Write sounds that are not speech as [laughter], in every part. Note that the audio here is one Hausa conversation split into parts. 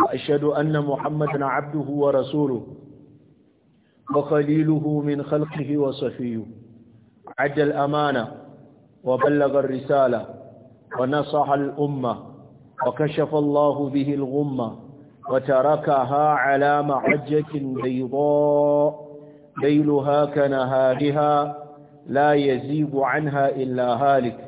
وأشهد أن محمدا عبده ورسوله وخليله من خلقه وصفيه عد الأمانة وبلغ الرسالة ونصح الأمة وكشف الله به الغمة وتركها على معجة بيضاء ليلها كنهارها لا يزيب عنها إلا هالك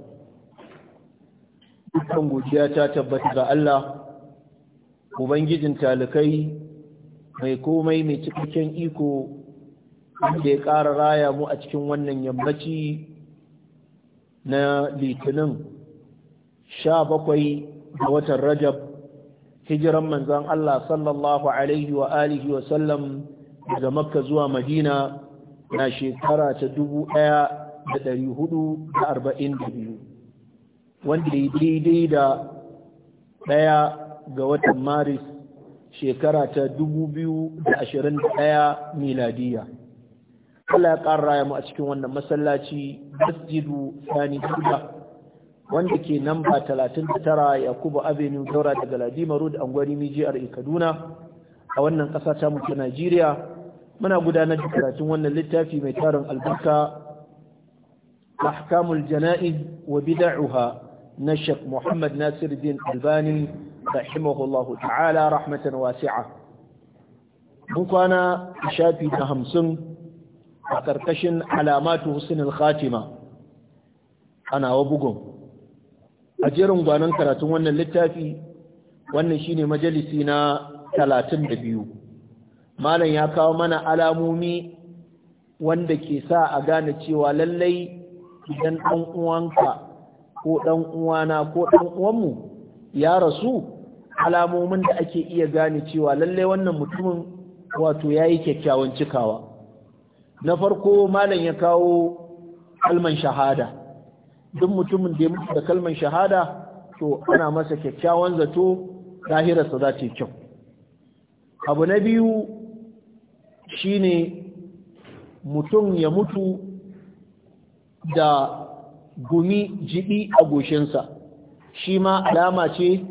dukkan godiya ta tabbata ga Allah ubangijin talikai mai komai mai cikakken iko wanda ya ƙara raya mu a cikin wannan yammaci na litinin sha bakwai ga watan rajab hijiran manzan Allah sallallahu alaihi wa alihi wa sallam daga makka zuwa madina na shekara ta dubu ɗaya da ɗari hudu da arba'in da biyu wanda ya daidai da ɗaya ga watan maris shekara ta 2021 miladiya Allah ya ƙara raya mu a cikin wannan masallaci masjidu sani duda wanda ke namba 39 yakubu avenue daura daga ladima road angwari mijiyar kaduna a wannan ƙasa ta mutu najeriya muna gudanar da karatun wannan littafi mai tarin albarka ahkamul jana'iz wa bid'uha na Sheikh Muhammad Nasiruddin Albani rahimahullahu ta'ala rahmatan wasi'a mun kwana shafi na hamsin a karkashin alamatu husnul khatima ana wa bugun a jerin gwanon karatun wannan littafi wannan shine majalisi na talatin da biyu malam ya kawo mana alamomi wanda ke sa a gane cewa lallai idan ɗan uwanka ko ɗan uwana ko ɗan uwanmu ya rasu alamomin da ake iya gane cewa lallai wannan mutumin wato ya yi kyakkyawan cikawa na farko malam ya kawo kalman shahada duk mutumin da ya mutu da kalman shahada to ana masa kyakkyawan zato zahirarsa za ta yi kyau abu na biyu shine mutum ya mutu da gumi jibi a goshinsa shi ma alama ce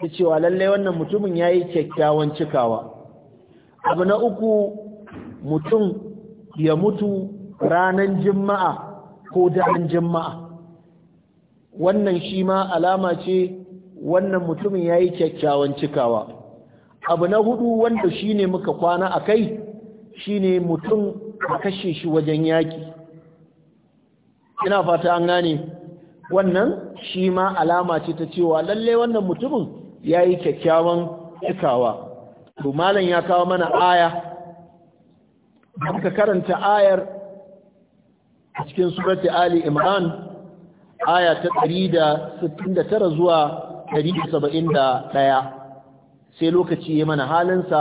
ta cewa lallai wannan mutumin ya yi kyakkyawan cikawa abu na uku mutum ya mutu ranar jima'a ko daren jima'a wannan shi ma alama ce wannan mutumin ya yi kyakkyawan cikawa abu na hudu wanda shi ne muka kwana a kai shi ne mutum a kashe shi wajen yaki ina fata an gane wannan shi ma alama ce ta cewa lalle wannan mutumin ya yi kyakkyawan cikawa to malam ya kawo mana aya ka karanta ayar a cikin surati ali imran aya ta 169 zuwa 171 sai lokaci ya mana halinsa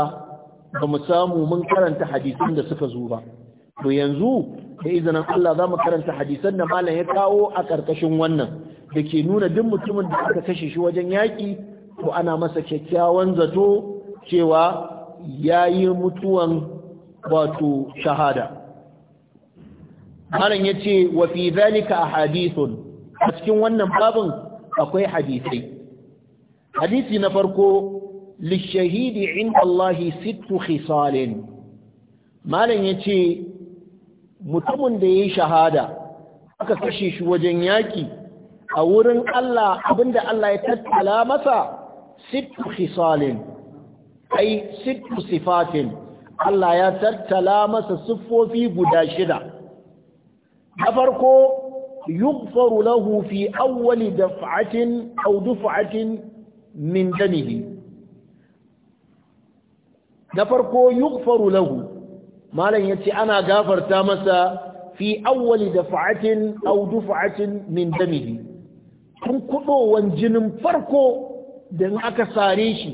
ba mu samu mun karanta hadisin da suka zo ba to yanzu da izinin Allah za mu karanta hadisan da malam ya kawo a ƙarƙashin wannan da ke nuna duk mutumin da aka kashe shi wajen yaƙi to ana masa kyakkyawan zato cewa ya yi mutuwan wato shahada malam ya ce wa fi zalika a hadithun a cikin wannan babin akwai hadisai hadisi na farko lishahidi inda Allahi sittu khisalin malam ya ce mutumin da ya yi shahada aka kashe shi wajen yaki a wurin Allah abinda Allah ya tattala masa sittu khisalin ai sittu sifatin Allah ya tattala masa siffofi guda shida na farko yughfaru lahu fi awwali daf'atin aw duf'atin min damihi na farko yughfaru lahu malam ya ce ana gafarta masa fi awwali dafa'atin aw dufa'atin min damihi kun kudowan jinin farko da aka sare shi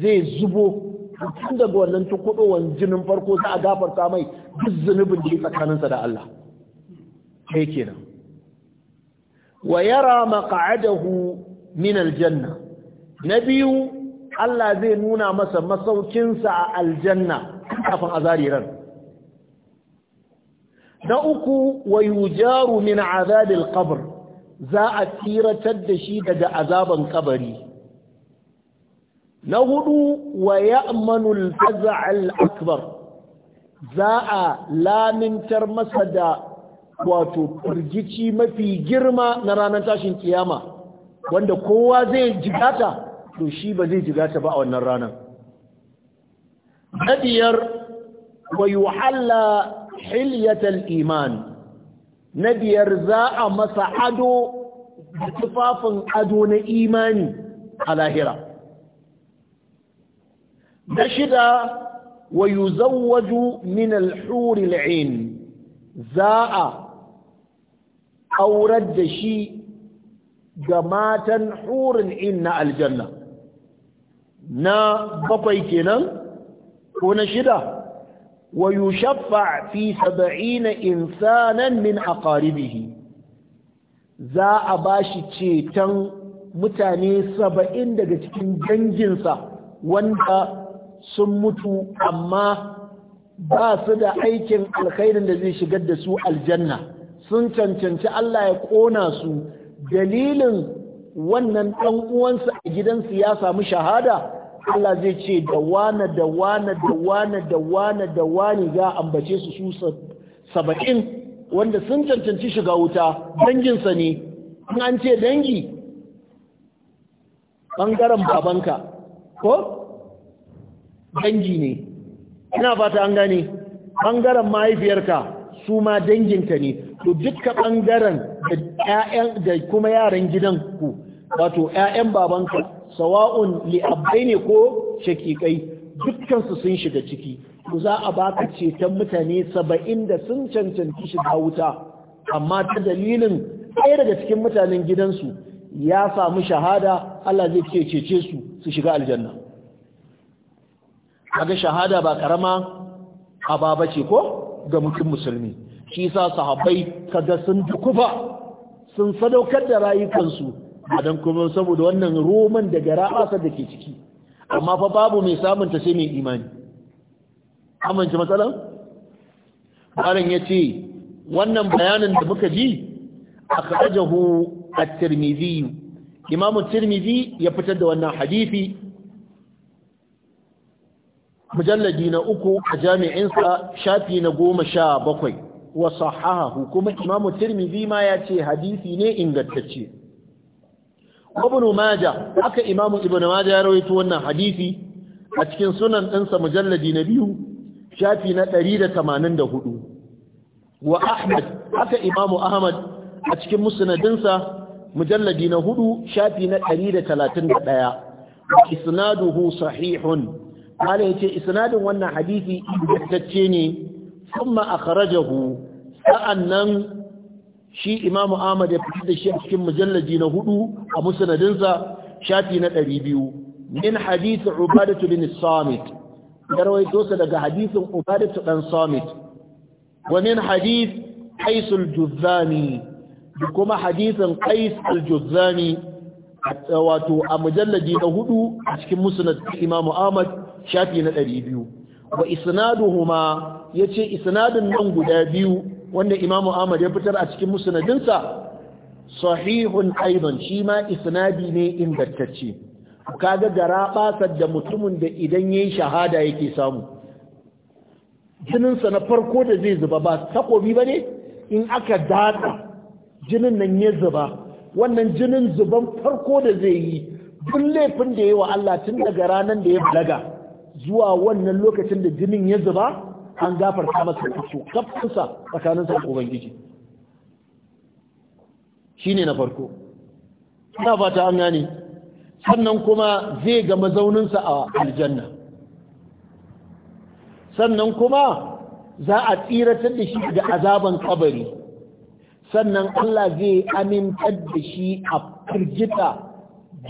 zai zubo tun daga wannan kudowan jinin farko za a gafarta mai duk zunubin da ya tsakaninsa da Allah kai kenan wa yara maq'adahu min aljanna na biyu Allah zai nuna masa masaukinsa a aljanna kafin azariran na uku wa min azabil qabr za a tsiratar da shi daga azaban kabari na hudu wa ya'manul al akbar za a lamintar masa da wato firgici mafi girma na ranar tashin kiyama wanda kowa zai jigata to shi ba zai jigata ba a wannan ranar na biyar wa yuhalla hilyatal iman na biyar za a masa ado da tufafin ado na imani a lahira na shida wa yuzawwaju min al ain za a aurar da shi ga matan hurin in na aljanna na bakwai kenan ko na shida ويشفع في سبعين إنسانا من أقاربه za a ba shi ceton mutane saba'in daga cikin danginsa wanda sun mutu amma ba su da aikin alkhairin da zai shigar da su aljanna sun cancanci Allah ya ƙona su dalilin wannan ɗan uwansa a gidansu ya samu shahada Allah zai ce da wane da wane da wane da wane da wane a ambace su su saba'in wanda sun cancanci shiga wuta danginsa ne in an ce dangi ɓangaren babanka ko dangi ne ina fata an gane ɓangaren mahaifiyarka su ma danginka ne to dukka ɓangaren da kuma yaran gidan ku wato 'ya'yan babanka sawa'un li'abbai ne ko shakikai dukkansu sun shiga ciki mu za a baka ceton mutane saba'in da sun cancanci shiga wuta amma ta dalilin ɗaya daga cikin mutanen gidansu ya samu shahada Allah zai ce cece su su shiga aljanna kaga shahada ba karama ababa ce ko ga mutum musulmi shi sa sahabbai kaga sun dukufa sun sadaukar da rayukansu dan kuma saboda wannan roman da garabasa da ke ciki amma fa babu mai samunta sai mai imani amince matsalan ya ce wannan bayanin da muka ji a at a tirmizi imamu tirmizi ya fitar da wannan hadifi. mujalladi na uku a jami'insa shafi na goma sha bakwai wasu sahahahu hukumar imamu tirmizi ma ya ce hadifi ne ingantacce ibn maja haka imamu ibn maja ya rawaito wannan hadisi a cikin sunan ɗinsa mujalladi na biyu shafi na 184 wa ahmad haka imamu ahmad a cikin musnadinsa mujalladi na hudu shafi na 131 isnaduhu sahihun ya yace isnadin wannan hadisi ingantacce ne kuma akhrajahu sa'annan shi imamu ahmad ya fitar da shi a cikin mujallaji na hudu a musnadinsa shafi na ɗari biyu. min hadith ubadatu bin samit ya rawaito sa daga hadisin ubadatu dan samit wa min hadis qais al-juzzani kuma hadisin qais al-juzzani wato a mujallaji na hudu a cikin musnad imamu ahmad shafi na ɗari biyu. wa isnaduhuma yace isnadun nan guda biyu wanda imamu ahmad ya fitar a cikin musnadinsa sahihun aidan shi ma isnadi ne ingantacce kaga gara basar da mutumin da idan yayi shahada yake samu jininsa na farko da zai zuba ba takobi ba ne in aka datsa jinin nan ya zuba wannan jinin zuban farko da zai yi duk laifin da ya wa Allah tun daga ranar da ya balaga zuwa wannan lokacin da jinin ya zuba an gafarta masa su kafinsa tsakaninsa da ubangiji shine na farko ina fata an gane sannan kuma zai ga mazauninsa a aljanna sannan kuma za a tsiratar da shi da azaban kabari sannan Allah zai amintar da shi a firgita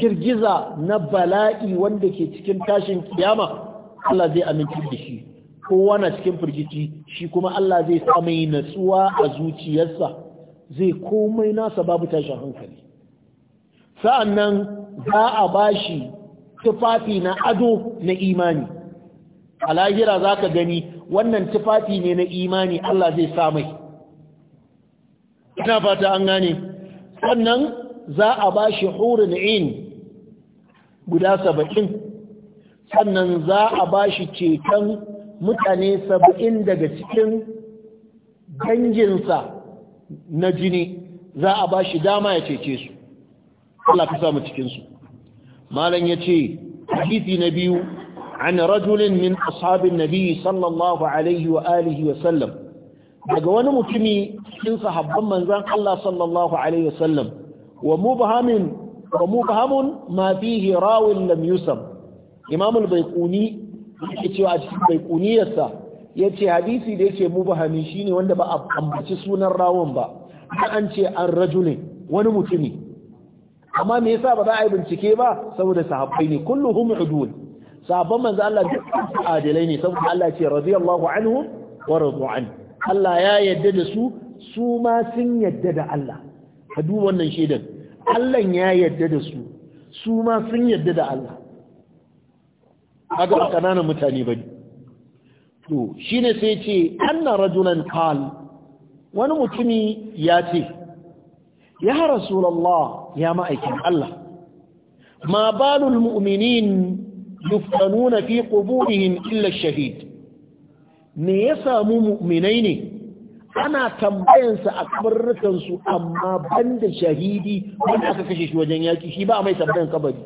girgiza na bala'i wanda ke cikin tashin kiyama Allah zai amintar da shi kowa na cikin firgici shi kuma Allah zai sa mai natsuwa a zuciyarsa zai komai nasa babu tashin hankali sa'annan za a bashi tufafi na ado na imani a lahira za ka gani wannan tufafi ne na imani Allah zai sa mai ina fata an gane sannan za a bashi hurin in guda saba'in sannan za a bashi ceton mutane saba'in daga cikin danginsa na jini za a ba shi dama ya cece su Allah ka samu cikinsu malam ya ce hadisi na biyu عن min ashabin أصحاب sallallahu alaihi wa عليه wa sallam. daga wani mutumi cikin sahabban manzan Allah sallallahu alaihi wa mubhamin wa mubhamun ma fihi rawin lam yusam imam al-bayquni yake cewa a cikin bai kuniyarsa ya ce hadisi da yake shi shine wanda ba a ambaci sunan rawon ba an ce an rajulin wani mutumi amma me yasa ba za a yi bincike ba saboda sahabbai ne kulluhum udul sahabban manzo Allah duk adilai ne saboda Allah ya ce radiyallahu anhu wa radu an Allah ya yadda da su su ma sun yadda da Allah ka duba wannan shaidan. Allah ya yadda da su su ma sun yadda da Allah kaga ba kananan mutane ba to shine sai ce anna rajunan qal wani mutumi ya ce ya rasulallah ya ma'aikin Allah ma balul mu'minin yuftanuna fi quburihim illa shahid me ya samu mu'minai ne ana tambayansa a kabarrukansu amma banda shahidi wanda aka kashe shi wajen yaki shi ba mai tambayan kabari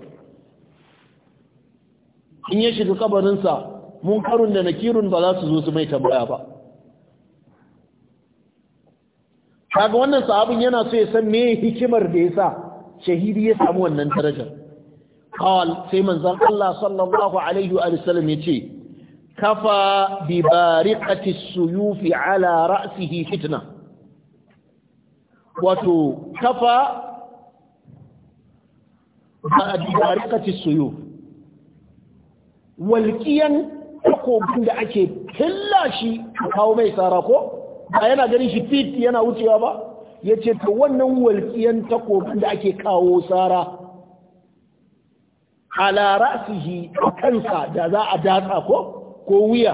in ya shiga kabarinsa munkarun da nakirun ba za su zo su mai tambaya ba kaga wannan sahabin yana so ya san me hikimar da ya sa shahidi ya samu wannan darajar qal sai manzon Allah sallallahu alaihi wa sallam yace kafa bi bariqati suyufi ala ra'sihi fitna wato kafa bi bariqati suyuf walƙiyan takobin da ake filla shi kawo mai tsara ko ba yana ganin shi fit yana wucewa ba ya ce ta wannan walƙiyan takobin da ake kawo tsara su yi a kansa da za a datsa ko ko wuya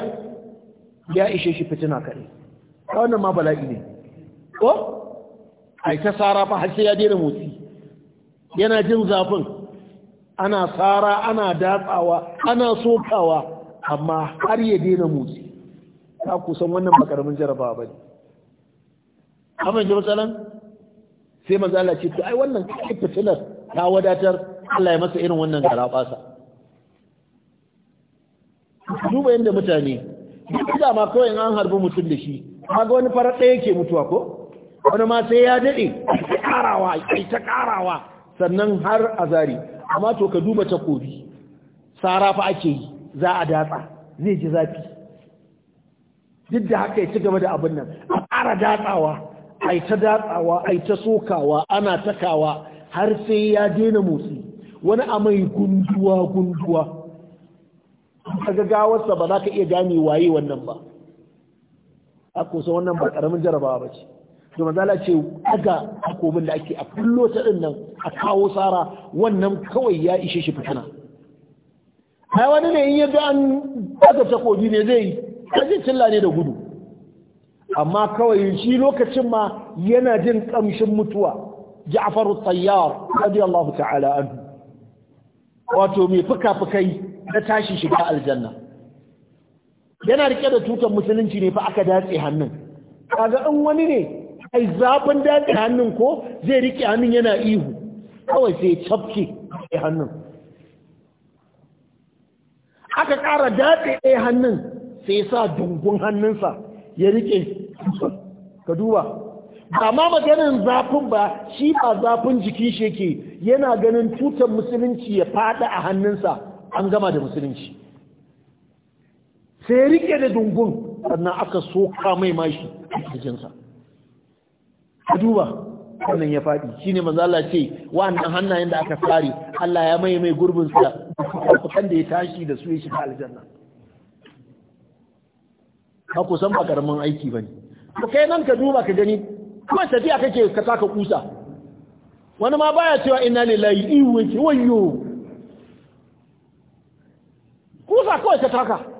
ya ishe shi fitina kare ta wannan ma bala'i ne ko ai ta tsara fa har sai ya daina motsi yana jin zafin ana tsara ana datsawa ana sokawa amma har ya daina motsi ta kusan wannan makaramin jarabawa ba ne amma ji matsalan sai mazala ce to ai wannan kai fitilar ta wadatar Allah ya masa irin wannan garabasa duba yadda mutane duk da ma kawai an harbi mutum da shi kaga wani farar ɗaya ke mutuwa ko wani ma sai ya daɗe ta ƙarawa ta ƙarawa sannan har a zari amma to ka duba takobi tsara fa ake yi za a datsa zai ji zafi duk da haka ya ci gaba da abin nan a ƙara datsawa ai ta datsawa ai ta sokawa ana takawa har sai ya daina motsi wani amai gunduwa gunduwa kaga gawarsa ba za ka iya gane waye wannan ba a kusa wannan ba ƙaramin jarabawa ba ce to manzala ce aga akobin da ake a kullo ta din nan a kawo tsara wannan kawai ya ishe shi fitina ai wani ne in ya ga an daga takobi ne zai kaje cilla ne da gudu amma kawai shi lokacin ma yana jin kamshin mutuwa Ja'far al-Tayyar radiyallahu ta'ala anhu wato mai fuka-fukai na tashi shiga aljanna yana rike da tutar musulunci ne fa aka datse hannun kaga in wani ne ai zafin daɗin hannun ko zai riƙe hannun yana ihu kawai sai cafke a hannun aka ƙara daɗe ɗaya hannun sai sa dungun hannunsa ya riƙe ka duba ba ma maganin zafin ba shi ba zafin jiki shi ke, yana ganin tutar musulunci ya faɗi a hannunsa an gama da musulunci sai ya riƙe da dungun sannan aka soka mai mashi a jikinsa ka duba wannan ya faɗi shine maza Allah ce wa'annan hannayen da aka fari, Allah ya mai mai gurbin sa kan da ya tashi da su ya shiga aljanna ka ku san ba karamin aiki ba ne. ka kai nan ka duba ka gani kuma tafiya kake ka taka kusa wani ma baya cewa inna lillahi iwe ce wayyo kusa kawai ka taka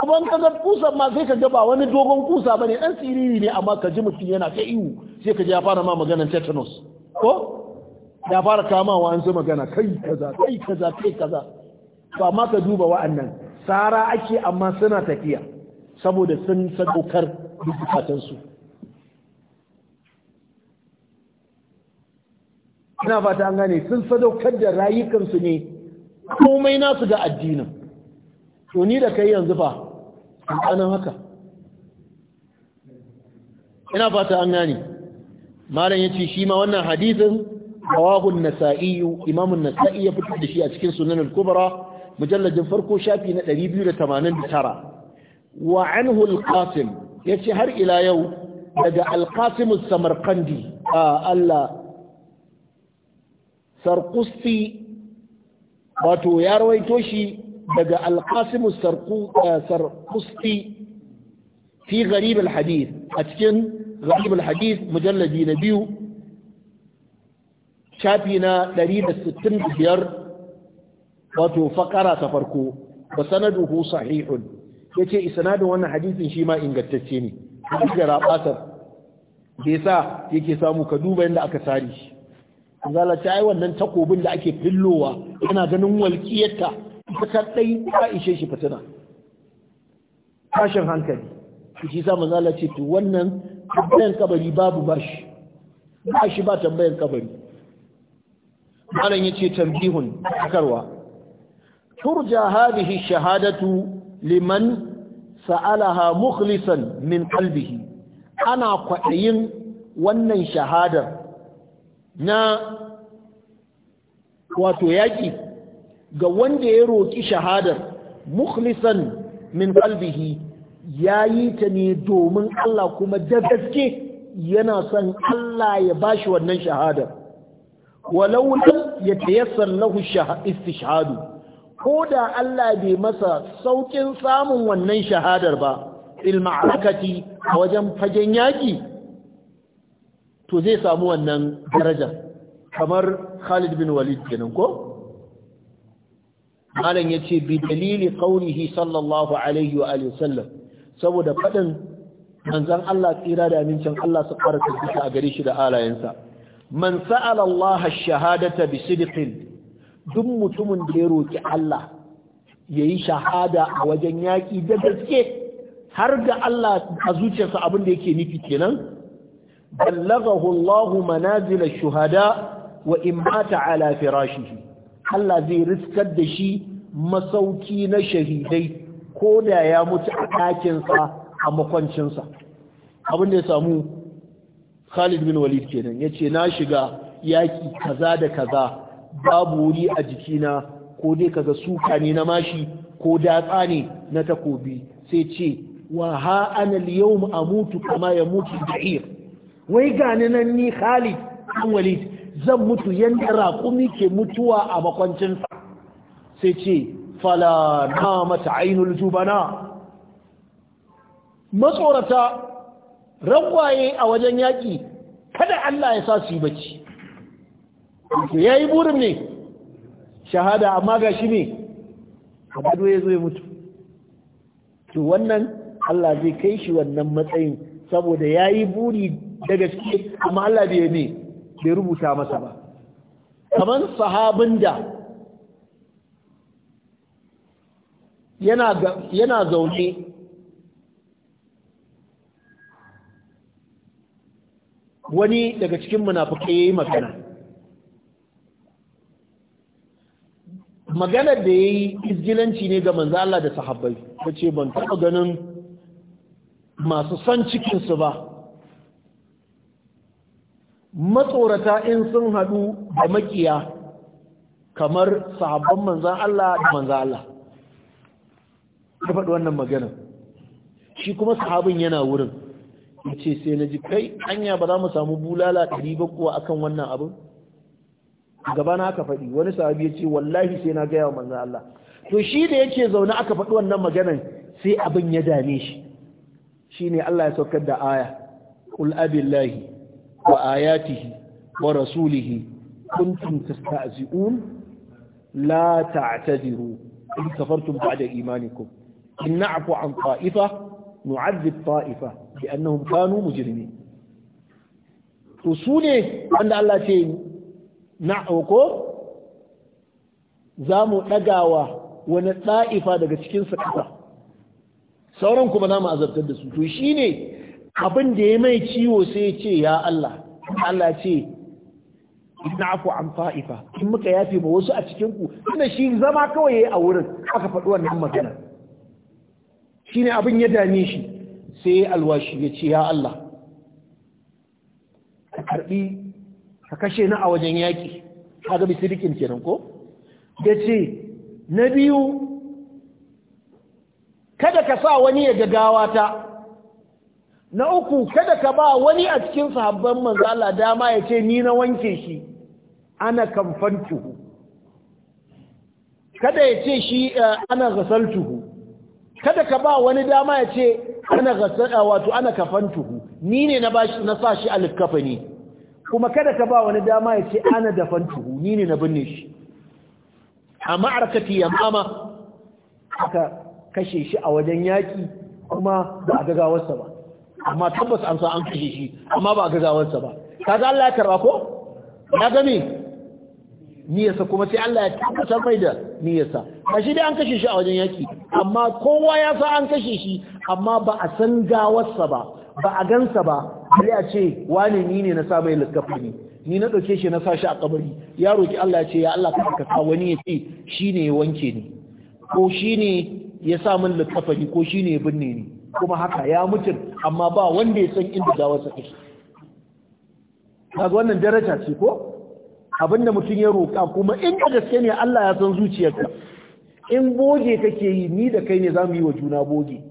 kuma ka ga kusa ma sai ka ga ba wani dogon kusa bane dan siriri ne amma ka ji mutum yana ta iwu sai ka ji ya fara ma magana tetanus ko ya fara kama wa an magana kai kaza kai kaza kai kaza to amma ka duba wa'annan sara ake amma suna tafiya saboda sun sadaukar bukatun su ina fata an gane sun sadaukar da rayukansu ne komai nasu ga addinin to ni da kai yanzu fa tsanan haka ina fata an gani malam ce shi ma wannan hadisin rawahu an-nasa'i nasai ya fito da shi a cikin sunan al-kubra mujalladin farko shafi na 289 wa anhu al-qasim yace har ila yau daga al-qasim as A Allah sarqusti wato ya rawaito shi daga alqasim eh, sarqusti fi gharib alhadith a cikin gharib alhadith mujalladi na biyu shafi na 165 wato fakara ta farko wa sanaduhu sahihun ce isnadin wannan hadisin shi ma ingantacce ne da rabatar da yasa yake samu ka duba yanda aka tsari shi zalata ai wannan takobin da ake fillowa yana ganin walƙiyarta fitar ɗai ta ishe shi fitina tashin hankali shi sa manzala ce to wannan tambayan kabari babu bashi bashi ba tambayan kabari malam ya ce tambihun karwa turja hadhihi shahadatu liman sa'alaha mukhlisan min qalbihi ana kwaɗayin wannan shahadar na wato yaƙi ga wanda ya roƙi shahadar mukhlisan min qalbihi yayi ta ne domin Allah kuma da gaske yana son Allah ya bashi wannan shahadar walau lam yatayassar lahu istishhadu ko da Allah bai masa saukin samun wannan shahadar ba fil ma'arakati a wajen fagen yaki to zai samu wannan daraja kamar Khalid bin Walid kenan ko malam yace bi dalili qawlihi sallallahu alaihi wa alihi sallam saboda fadin manzon Allah tsira da amincin Allah su fara tabbata a gare shi da alayensa man sa'ala Allah ash-shahadata bi sidqin duk mutumin da ya roki Allah yayi shahada a wajen yaki da gaske har ga Allah a zuciyarsa abin da yake nufi kenan ballaghahu Allah manazil ash-shuhada wa in ala firashihi Allah zai riskar da shi masauki na shahidai ko da ya mutu a ɗakinsa a makwancinsa abin da ya samu Khalid bin Walid kenan ya ce na shiga yaki kaza da kaza babu wuri a jikina ko dai kaga suka ne na mashi ko datsa ne na takobi sai ce wa ha ana a amutu kama ya da iya? wai gani nan ni Khalid bin Walid zan mutu yadda raƙumi ke mutuwa a makwancinsa sai ce fala na mata ainihin jubana matsorata ragwaye a wajen yaƙi kada Allah ya sa su yi bacci ya yi burin ne shahada amma ga shi ne a gado ya zo ya mutu to wannan Allah zai kai shi wannan matsayin saboda ya yi buri daga cikin amma Allah bai ne bai rubuta masa ba kamar sahabin da yana zaune wani daga cikin munafuka ya yi magana maganar da ya yi izgilanci ne ga manzo Allah da sahabbai ta ce ban taɓa ganin masu son cikinsu ba matsorata in sun haɗu da makiya kamar sahabban manzan Allah da manzan Allah ya faɗi wannan magana shi kuma sahabin yana wurin ya ce sai na ji kai anya ba za mu samu bulala ɗari ba kuwa kan wannan abin gaba na aka faɗi wani sahabi ya ce wallahi sai na gaya wa manzan Allah to shi da yake zaune aka faɗi wannan maganan sai abin ya dame shi Shi ne Allah ya saukar da aya qul abillahi wa ayatihi wa rasulihi kuntum tastahzi'un la ta'tadiru in kafartum ba'da imanikum in na'fu an ta'ifa nu'adhib ta'ifa bi'annahum kanu mujrimin to sune wanda Allah ce na'uko zamu dagawa wani ta'ifa daga cikin su kasa sauran kuma namu azabtar da su to shine abin da ya mai ciwo sai ya ce ya Allah Allah ce ina afu an fa'ifa in muka yafe ba wasu a cikin ku tunda shi zama kawai yayi a wurin aka faɗi wannan magana shine abin ya dame shi sai alwashi ya ce ya Allah ka karbi ka kashe ni a wajen yaki kaga bisirikin kenan ko yace na biyu kada ka sa wani ya gagawa ta na uku kada ka ba wani a cikin sahabban manzo Allah dama ya ce ni na wanke shi ana kamfantuhu kada ya ce shi eh, ana ghasaltuhu kada ka ba wani dama ya ce ana ghasala eh, wato ana kafantuhu ni ne na bashi na sa shi alkafani kuma kada ka ba wani dama ya ce ana dafantuhu ni ne na binne shi a ma'arkati mama aka kashe shi a wajen yaki kuma ba a gagawarsa ba amma tabbas an sa an kashe shi amma ba gazawarsa ba kaga Allah ya karba ko ya gani niyasa kuma sai Allah ya tabbatar mai da niyyarsa ba shi dai an kashe shi a wajen yaki amma kowa ya sa an kashe shi amma ba a san gawarsa ba ba a gansa ba bari a ce wani ni ne na sa mai ne ni na ɗauke shi na sa shi a kabari ya roki Allah ya ce ya Allah ka ka wani ya ce shi ne ya wanke ni ko shi ne ya sa min likafani ko shi ne ya binne ni kuma haka ya mutum amma ba wanda ya san inda gawarsa take kaga wannan daraja ce ko abinda mutum ya roƙa kuma inda gaske ne Allah ya san zuciyarka in boge kake yi ni da kai ne zamu yi wa juna boge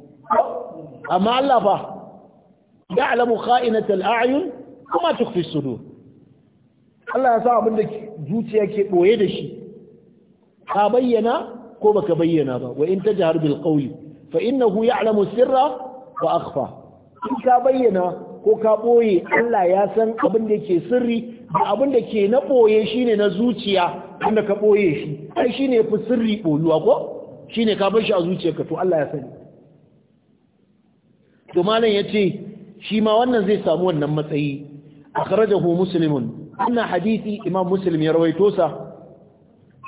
amma Allah ba ya alamu kha'inatul a'yun kuma tukhfi sudur Allah ya sa abinda zuciya ke boye da shi ka bayyana ko baka bayyana ba wa in tajhar bil qawli fa innahu ya'lamu sirra wa akhfa in ka bayyana ko ka ɓoye Allah ya san abin da ke sirri da abin da ke na ɓoye shine na zuciya wanda ka ɓoye shi ai shi ne fi sirri ɓoyuwa ko shi ne ka bar shi a zuciyarka to Allah ya sani to malam ya ce, shi ma wannan zai samu wannan matsayi akhrajahu musulmin. ina hadisi imam musulmi ya rawaito sa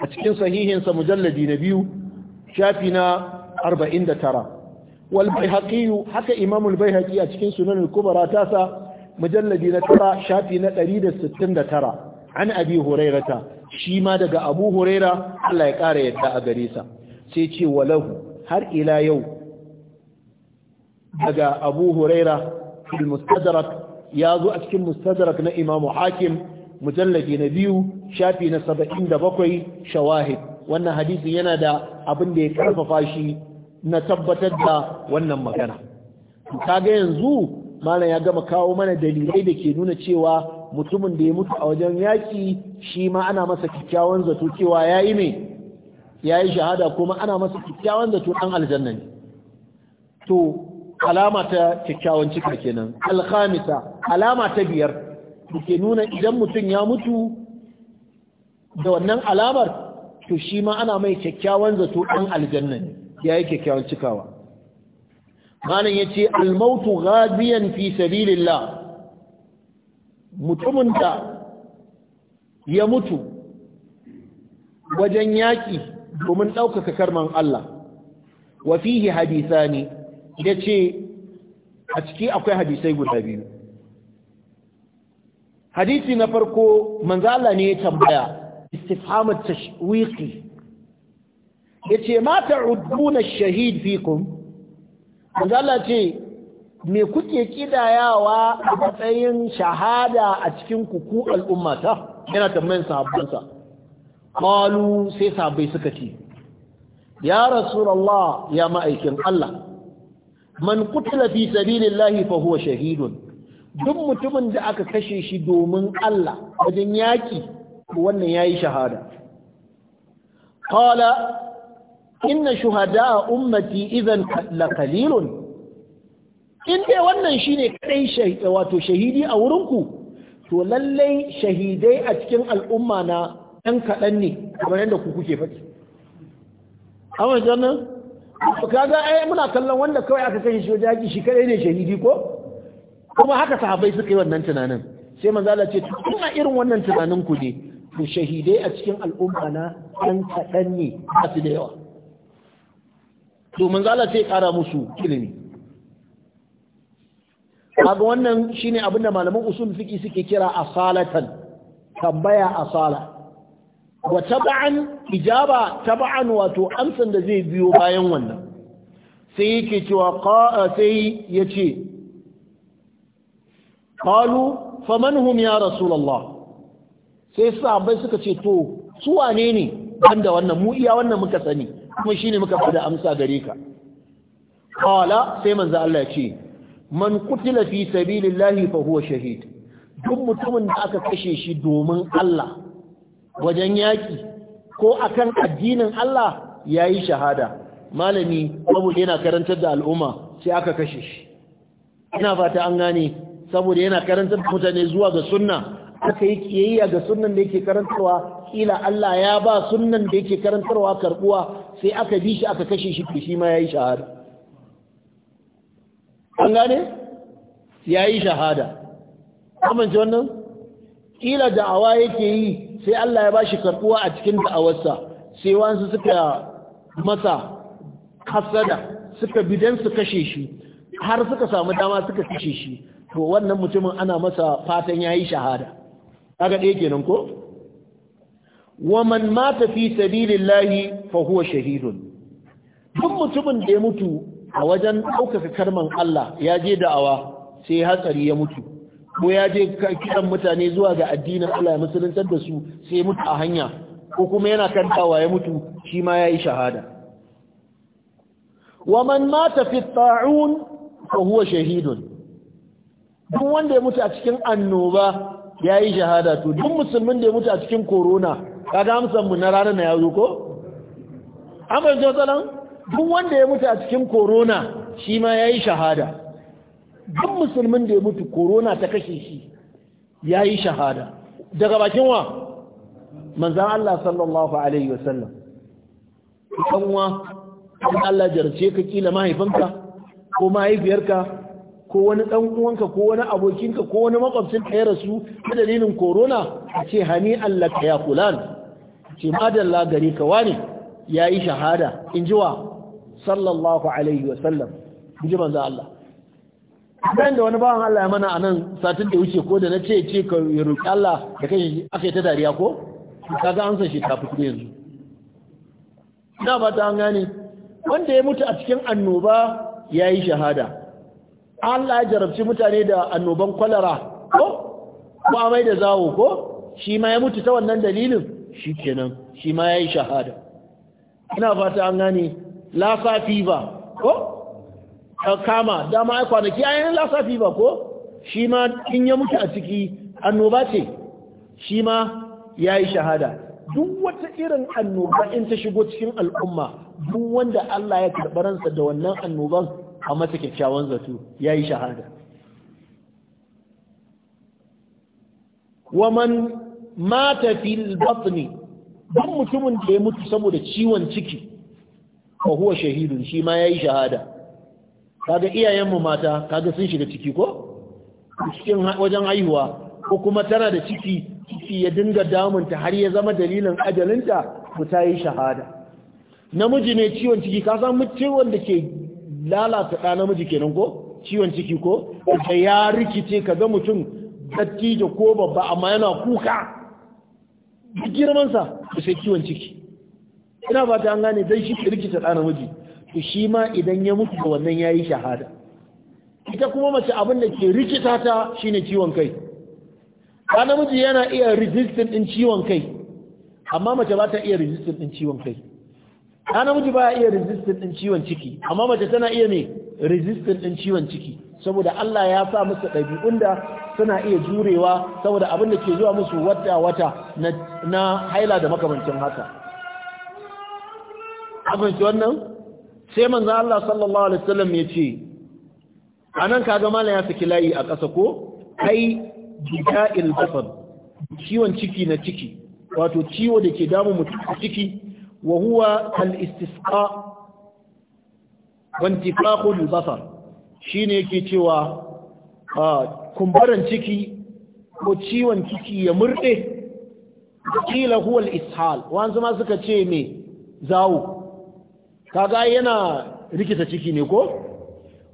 a cikin sahihinsa mujalladi na biyu shafi na arba'in da tara. wal bayhaqi haka imam al a cikin sunan al kubra ta mujalladi na tara shafi na 169 an abi hurairata shi ma daga abu huraira Allah ya kara yadda a gare sa sai ce walahu har ila yau daga abu huraira fil mustadrak ya zo a cikin mustadrak na imam hakim mujalladi na biyu shafi na da bakwai, shawahid wannan hadisin yana da abin da ya karfafa shi na tabbatar da wannan magana kaga yanzu malam ya gama kawo mana dalilai da ke nuna cewa mutumin da ya mutu a wajen yaƙi shi ma ana masa kyakkyawan zato cewa ya yi mai ya yi shahada kuma ana masa kyakkyawan zato ɗan aljanna ne to alama ta kyakkyawan cika kenan alhamisa alama ta biyar da ke nuna idan mutum ya mutu da wannan alamar to shi ma ana mai kyakkyawan zato ɗan aljanna ne ya yi kyakkyawan cikawa malam ya ce almautu ghaziyan fi sabilillah mutumin da ya mutu wajen yaƙi domin ɗaukaka karman Allah wa fihi ne. ya ce a ciki akwai hadisai guda biyu hadisi na farko manzala ne ya tambaya istifhamat tashwiqi yace ma ta'uduna shahid fikum Allah ce me kuke kidayawa a matsayin shahada a cikin kuku al'ummata yana tambayin sahabbansa qalu sai sahabbai suka ce ya rasulullah ya ma'aikin Allah man qutila fi sabilillahi fa huwa shahidun duk mutumin da aka kashe shi domin Allah wajen yaki wannan yayi shahada qala inna shuhada ummati idan la qalilun in dai wannan shine kadai wato shahidi a wurinku to lallai shahidai a cikin al'umma na ɗan kaɗan ne kamar yadda ku kuke faɗi amma jannan kaga ai muna kallon wanda kawai aka kashe shi wajen haƙi shi kadai ne shahidi ko kuma haka sahabbai suka yi wannan tunanin sai manzo Allah ce tun a irin wannan tunanin ku ne to shahidai a cikin al'umma na ɗan kaɗan ne ba su da yawa to manzo Allah sai kara musu ilimi kaga wannan shine abin da malaman usul fiqi suke kira asalatan tambaya asala wa tab'an ijaba tab'an wato amsan da zai biyo bayan wannan sai yake cewa sai yace qalu faman ya rasulullah sai sahabbai suka ce to su wane ne banda wannan mu iya wannan muka sani kuma shine muka fada amsa gare ka qala sai manzo Allah ya ce man qutila fi sabilillahi fa huwa shahid duk mutumin da aka kashe shi domin Allah wajen yaki ko akan addinin Allah yayi shahada malami saboda yana karantar da al'umma sai aka kashe shi ina fata an gane saboda yana karantar da mutane zuwa ga sunna aka yi kiyayya ga sunnan da yake karantarwa kila Allah ya ba sunnan da yake karantarwa karbuwa sai aka bi shi aka kashe shi shi ma yayi shahada an gane yayi shahada amince wannan kila da'awa yake yi sai Allah ya ba shi karbuwa a cikin da'awarsa sai wansu suka masa hasada suka bidan su kashe shi har suka samu dama suka kashe shi to wannan mutumin ana masa fatan yayi shahada kaga ɗaya kenan ko ومن مات في fi sabilillahi فهو شهيد shahidun duk mutumin da ya mutu a wajen ɗaukaka karman Allah ya je da'awa sai hatsari ya mutu ko ya je kiran mutane zuwa ga addinin Allah ya musuluntar da su sai mutu a hanya ko kuma yana kantawa ya mutu shi ma ya yi shahada wa man mata fi ta'un fa huwa shahidun duk wanda ya mutu a cikin annoba ya yi shahada to duk musulmin da ya mutu a cikin corona kaga amsan mu na ranar na ya zo ko amma yanzu tsalan duk wanda ya mutu a cikin corona shi ma yayi shahada duk musulmin da ya mutu corona ta kashe shi yayi shahada daga bakin wa manzon Allah sallallahu alaihi wasallam kanwa Allah jarce ka kila mahaifinka ko mahaifiyarka ko wani ɗan uwanka ko wani abokinka ko wani makwabcin ka ya rasu ta dalilin korona a ce hani Allah ka ya kulan ce madalla gare ka wane ya yi shahada in ji wa sallallahu alaihi wasallam in ji manzo Allah bayan da wani bawan Allah ya mana a nan satin da wuce ko da na ce ce ka yi Allah da kai aka yi ta dariya ko ka ga ansa shi ta fito yanzu Da ba ta gane wanda ya mutu a cikin annoba ya yi shahada Allah ya jarabci mutane da annoban kwalara ko ko amai da zawo ko shi ma ya mutu ta wannan dalilin shi kenan shi ma ya yi shahada ina fata an gane lasafi ba ko? kama dama ya kwanaki ainihin lasafi ba ko? shi ma in ya mutu a ciki annoba ce shi ma ya yi shahada duk wata irin annoba in ta shigo cikin al'umma duk wanda Allah ya karɓi ransa da wannan annoban a masa kyakkyawan zato ya yi shahada waman mata fil batni don mutumin da ya mutu saboda ciwon ciki ko huwa shahidun shi ma yayi shahada kaga iyayenmu mata kaga sun shiga ciki ko cikin wajen haihuwa ko kuma tana da ciki ciki ya dinga damunta har ya zama dalilin ajalinta ko ta yi shahada namiji ne ciwon ciki ka san ciwon da ke lalata ɗa namiji kenan ko ciwon ciki ko da ya rikice ka ga mutum dattijo ko babba amma yana kuka duk sa da sai kiwon ciki ina ba ta an gane dai shi rikita ɗa namiji to shi ma idan ya mutu da wannan ya yi shahada ita kuma mace abin da ke rikita ta shine ciwon kai ɗa namiji yana iya resistant ɗin ciwon kai amma mace ba ta iya resistant ɗin ciwon kai ɗa namiji ba iya resistant ɗin ciwon ciki amma mace tana iya ne resistant ɗin ciwon ciki saboda Allah ya sa musu ɗabi'un da suna iya jurewa saboda abin da ke zuwa musu wata wata na haila da makamancin haka shi wannan sai manzo Allah sallallahu alaihi wasallam ya ce anan kaga malam ya saki layi a ƙasa ko ai jida'il basar ciwon ciki na ciki wato ciwo da ke damu mutum a ciki wa huwa al-istisqa wa intifaqul basar shine yake cewa ah, kumbaran ciki ko ciwon ciki ya murɗe kila huwal ishal wanzu ma suka ce me zawo kaga yana rikita ciki ne ko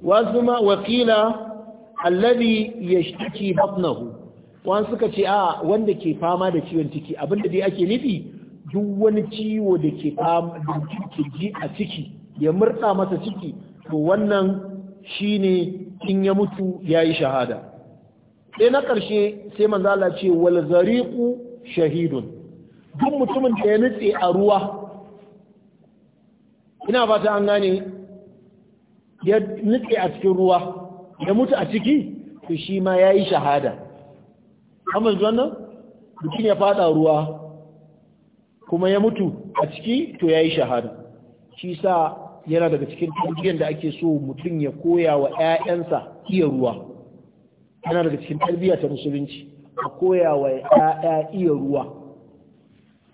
wasu ma wakila allazi yashtaki batnahu wanzu suka ce a wanda ke fama da ciwon ciki abinda dai ake nufi duk wani ciwo da ke fama da ji a ciki ya murta masa ciki to wannan shi ne in ya mutu yayi shahada sai na ƙarshe sai manzo ce wal zariqu shahidun duk mutumin da ya nutse a ruwa ina fata an gane ya nutse a cikin ruwa ya mutu a ciki to shi ma yayi shahada amma wannan mutum ya fada ruwa kuma ya mutu a ciki to yayi shahada shi sa yana daga cikin tarbiyyar da ake so mutum ya koya wa 'ya'yansa iya ruwa yana daga cikin tarbiyya ta musulunci a koya wa ya'ya iya ruwa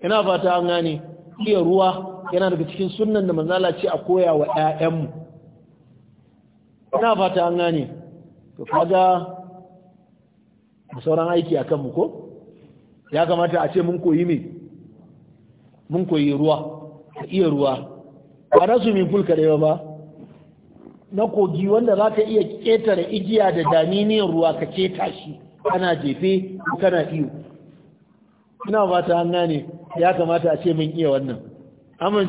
ina fata an gane iya ruwa yana daga cikin sunan da manzala ce a koya wa ƴaƴanmu ina fata an gane to kaga sauran aiki a kanmu ko ya kamata a ce mun koyi me mun koyi ruwa iya ruwa ba na su min fulka da yawa ba na kogi wanda za ka iya ƙetare igiya da daniniyar ruwa ka keta shi ana jefe kana iyo ina ba ta hanga ne ya kamata a ce min iya wannan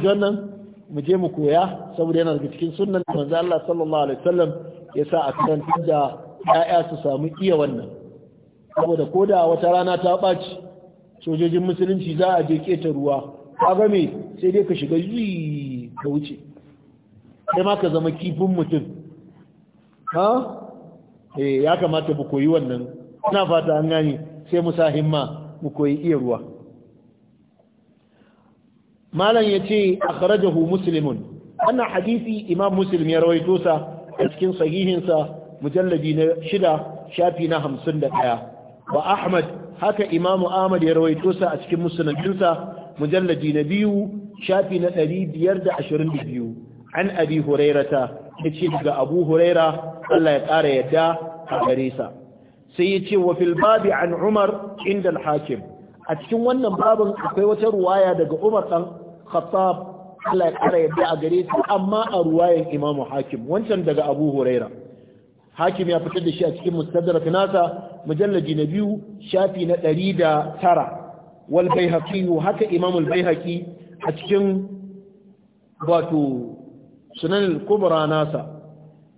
ji wannan mu je mu koya saboda yana daga cikin sunan da manzo Allah sallallahu alaihi wasallam ya sa a karanta da ƴaƴa su samu iya wannan saboda koda wata rana ta ɓaci sojojin musulunci za a je keta ruwa kaga me sai dai ka shiga yi ka wuce sai ma ka zama kifin mutum ha eh ya kamata mu koyi wannan ina fata an gani sai mu sa himma mu koyi iya ruwa malam yace akhrajahu muslimun anna hadisi imam muslim ya rawaito sa a cikin sa mujalladi na shida shafi na hamsin da ɗaya wa ahmad haka Imam ahmad ya rawaito sa a cikin musnadinsa mujalladi na biyu shafi na ɗari biyar da ashirin da biyu an abi hurairata yace daga abu huraira Allah ya ƙara yadda a gare sa sai yace wa fil babi an umar inda al-hakim a cikin wannan babin akwai wata ruwaya daga umar ɗan khattab Allah ya ƙara yadda a gare sa amma a ruwayan imam hakim wancan daga abu huraira hakim ya fitar da shi a cikin mustadrak nasa mujallaji na biyu shafi na ɗari da tara. wal baihaqi haka imam al a cikin wato sunan kubra nasa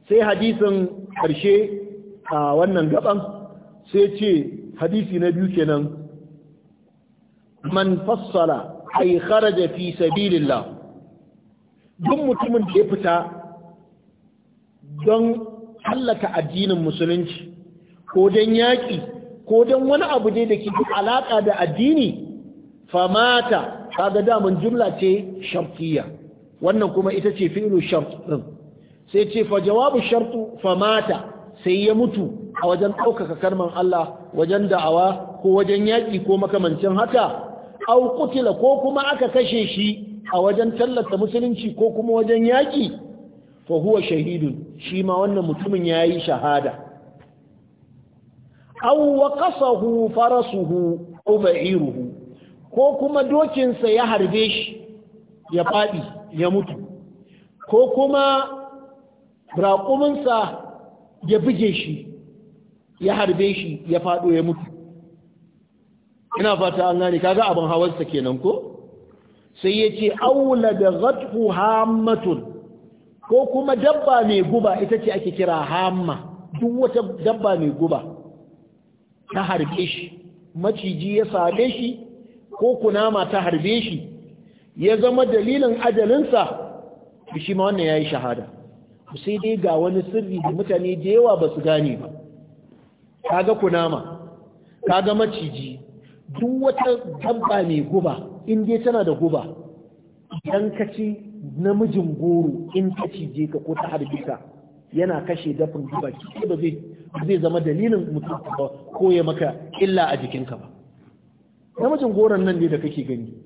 sai hadisin karshe a wannan gaban sai ce hadisi na biyu kenan man fassala ay kharaja fi sabilillah duk mutumin da ya fita don hallaka addinin musulunci ko don yaƙi ko don wani abu ne da ke alaƙa da addini famata kaga mun jumla ce shartiyya wannan kuma ita ce fi’ilu shart din sai ce fa jawabu shartu fa mata sai ya mutu a wajen ɗaukaka karman Allah wajen da'awa ko wajen yaƙi ko makamancin haka au kutila ko kuma aka kashe shi a wajen tallata musulunci ko kuma wajen yaƙi fa huwa shahidun shi ma wannan mutumin yayi shahada au waqasahu farasuhu au ba'iruhu ko kuma dokinsa ya harbe shi ya faɗi ya mutu ko kuma raƙuminsa ya buge shi ya harbe shi ya faɗo ya mutu ina fata an gane kaga abin hawarsa kenan ko sai ya ce aula da zatfu hamatun ko kuma dabba mai guba ita ce ake kira hama duk wata dabba mai guba ta harbe shi maciji ya same shi ko kunama ta harbe shi ya zama dalilin ajalinsa shi ma wannan ya yi shahada sai dai ga wani sirri da mutane da yawa ba su gane ba kaga kunama kaga maciji duk wata dabba mai guba in dai tana da guba idan ka ci namijin goro in ka cije ka ko ta harbita yana kashe dafin guba ki ba zai zama dalilin mutum ko ya maka illa a jikinka ba namijin goron nan ne da kake gani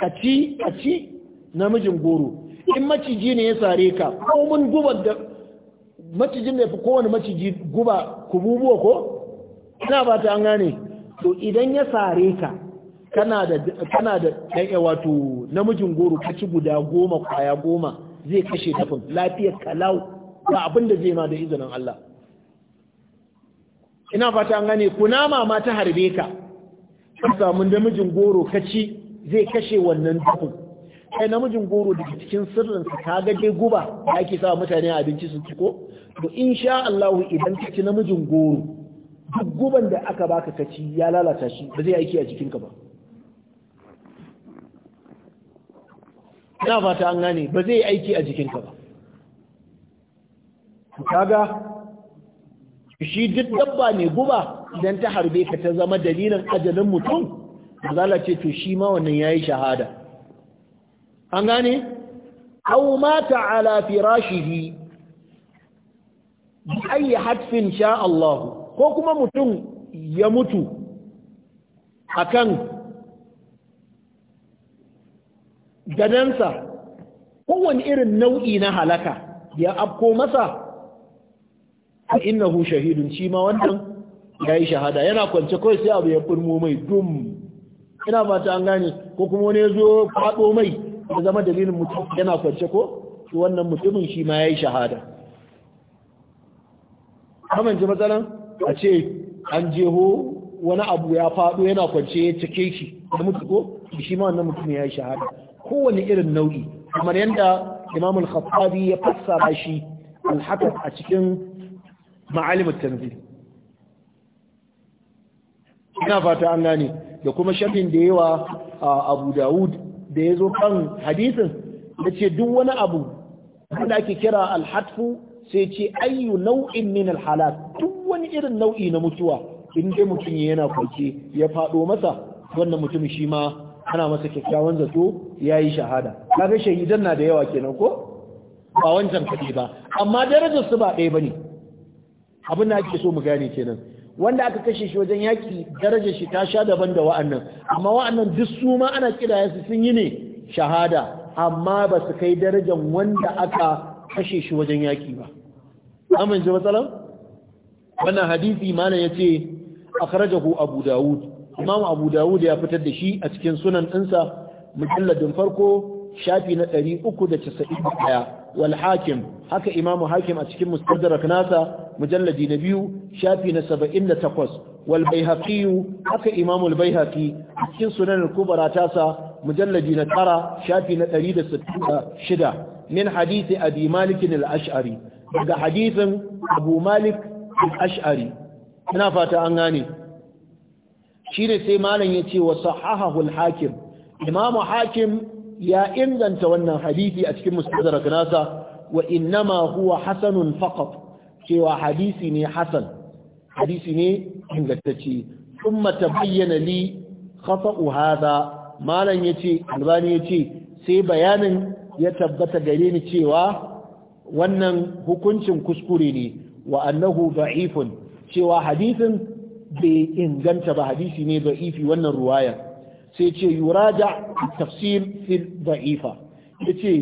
Kaci ci namijin goro in maciji ne ya sare ka ko mun guba da macijin da fi kowane maciji guba kububuwa ko ina ba ta an gane to idan ya sare ka kana da kana da ɗaya eh, wato namijin goro kaci guda goma kwaya goma zai kashe tafin lafiyar kalau ba abin da zai ma da izinin Allah ina fata an gane kunama ma ta harbe ka ka samu namijin goro kaci. zai kashe wannan dukun kai namijin goro daga cikin sirrinsa ta gaje guba da ake sa mutane abinci su ciko. ko to insha Allah idan ka ci namijin goro duk guban da aka baka ka ci ya lalata shi ba zai aiki a jikinka ba ina fata an gane ba zai aiki a jikinka ba kaga shi duk dabba ne guba idan ta harbe ka ta zama dalilin ajalin mutum mazala ce to shi ma wannan yayi shahada an gane aw mata ala firashihi bi ayi hadfin sha Allah ko kuma mutum ya mutu akan gadansa kowane irin nau'i na halaka ya afko masa a innahu shahidun shi ma wannan ya yi shahada yana kwance kawai sai abu ya furmo mai dum ina fata an gane ko kuma wani ya zo faɗo mai da zama dalilin mutum yana kwance ko to wannan mutumin shi ma ya yi shahada ji matsalan a ce an jeho wani abu ya faɗo yana kwance ya cike shi da mutu ko shi ma wannan mutum ya yi shahada kowane irin nau'i kamar yadda imam al-khattabi ya fassara shi al a cikin ma'alim at-tanzil ina fata an gane da kuma shafin da yawa a abu dawud da ya zo kan hadisin da ce duk wani abu wanda ake kira alhatfu sai ce ayyu nau'in min alhalat duk wani irin nau'i na mutuwa in dai mutum yana kwance ya faɗo masa wannan mutum shi ma ana masa kyakkyawan zato ya yi shahada kaga shahidan na da yawa kenan ko ba wancan kaɗai ba amma darajar su ba ɗaya ba ne abin da ake so mu gane kenan wanda aka kashe shi wajen yaki darajar shi ta sha daban da wa'annan amma wa'annan duk su ma ana kidaya su sun yi ne shahada amma ba su kai darajar wanda aka kashe shi wajen yaki ba amin ji matsalan wannan hadisi malam yace akhrajahu abu dawud imam abu dawud ya fitar da shi a cikin sunan ɗinsa mujalladin farko shafi na 391 wal hakim haka imamu hakim a cikin mustadrak nasa mujalladi na biyu shafi na 78 wal baihaqi haka imamu al baihaqi a cikin sunan al kubra tasa mujalladi na tara shafi na 166 min hadisi abi malik al ash'ari daga hadisin Abumalik malik al ash'ari ina fata an gane shine sai malam yace wa sahahahu al hakim imamu hakim ya inganta wannan hadisi a cikin mustadrak nasa wa innama huwa hasanun faqat cewa hadisi ne hasan hadisi ne ingantacce kuma tabayyana li khata'u hadha malan yace albani yace sai bayanin ya tabbata gare ni cewa wannan hukuncin kuskure ne wa annahu da'ifun cewa hadisin bai inganta ba hadisi ne da'ifi wannan ruwayar. sai ce da tafsir fil da'ifa yace